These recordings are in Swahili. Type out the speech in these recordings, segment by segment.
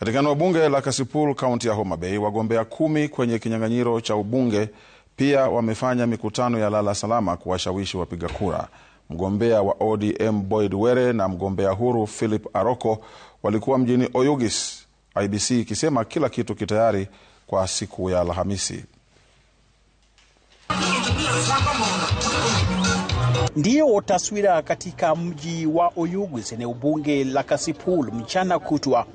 Katika eneo bunge la Kasipul, kaunti ya Homa Bay, wagombea kumi kwenye kinyang'anyiro cha ubunge pia wamefanya mikutano ya lala salama kuwashawishi wapiga kura. Mgombea wa ODM Boyd Were na mgombea huru Philip Aroko walikuwa mjini Oyugis, IBC ikisema kila kitu kitayari kwa siku ya Alhamisi. Ndiyo taswira katika mji wa Oyugis, eneo bunge la Kasipul mchana kutwa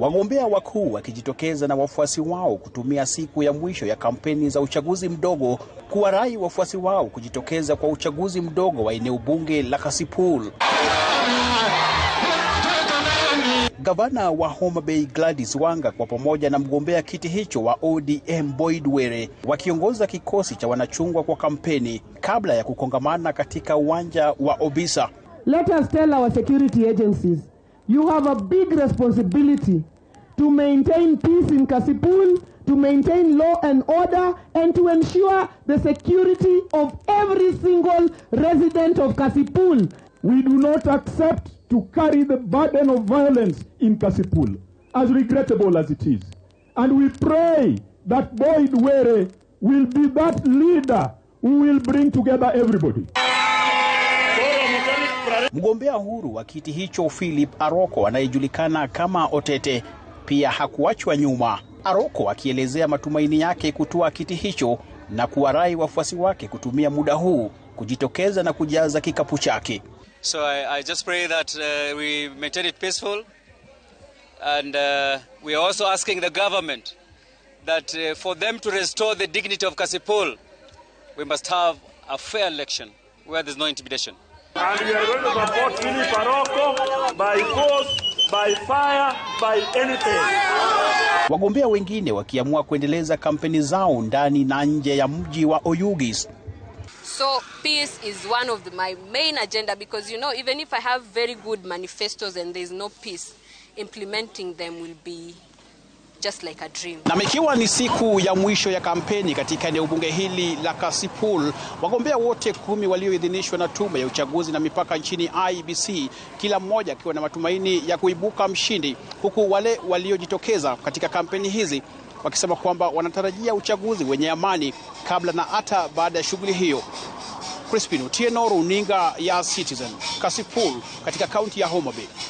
Wagombea wakuu wakijitokeza na wafuasi wao kutumia siku ya mwisho ya kampeni za uchaguzi mdogo kuwarai wafuasi wao kujitokeza kwa uchaguzi mdogo wa eneo bunge la Kasipul. Gavana wa Homa Bay Gladys Wanga kwa pamoja na mgombea kiti hicho wa ODM Boyd Were wakiongoza kikosi cha wanachungwa kwa kampeni kabla ya kukongamana katika uwanja wa Obisa. Let us tell our security agencies. You have a big responsibility to maintain peace in Kasipul, to maintain law and order, and to ensure the security of every single resident of Kasipul. We do not accept to carry the burden of violence in Kasipul, as regrettable as it is. And we pray that Boyd Were will be that leader who will bring together everybody. Mgombea huru wa kiti hicho Philip Aroko anayejulikana kama Otete pia hakuachwa nyuma, Aroko akielezea matumaini yake kutua kiti hicho na kuwarai wafuasi wake kutumia muda huu kujitokeza na kujaza kikapu chake. So I, I just pray that uh, we maintain it peaceful and uh, we are also asking the government that uh, for them to restore the dignity of Kasipul we must have a fair election where there's no intimidation. And we are going to support Willy Paroko by force, by fire, by anything. Wagombea wengine wakiamua kuendeleza kampeni zao ndani na nje ya mji wa Oyugis. So peace is one of the, my main agenda because you know even if I have very good manifestos and there is no peace implementing them will be just like a dream. Na ikiwa ni siku ya mwisho ya kampeni katika eneo bunge hili la Kasipul, wagombea wote kumi walioidhinishwa na tume ya uchaguzi na mipaka nchini ibc kila mmoja akiwa na matumaini ya kuibuka mshindi, huku wale waliojitokeza katika kampeni hizi wakisema kwamba wanatarajia uchaguzi wenye amani kabla na hata baada ya shughuli hiyo. Crispin Otieno, runinga ya Citizen, Kasipul katika kaunti ya Homa Bay.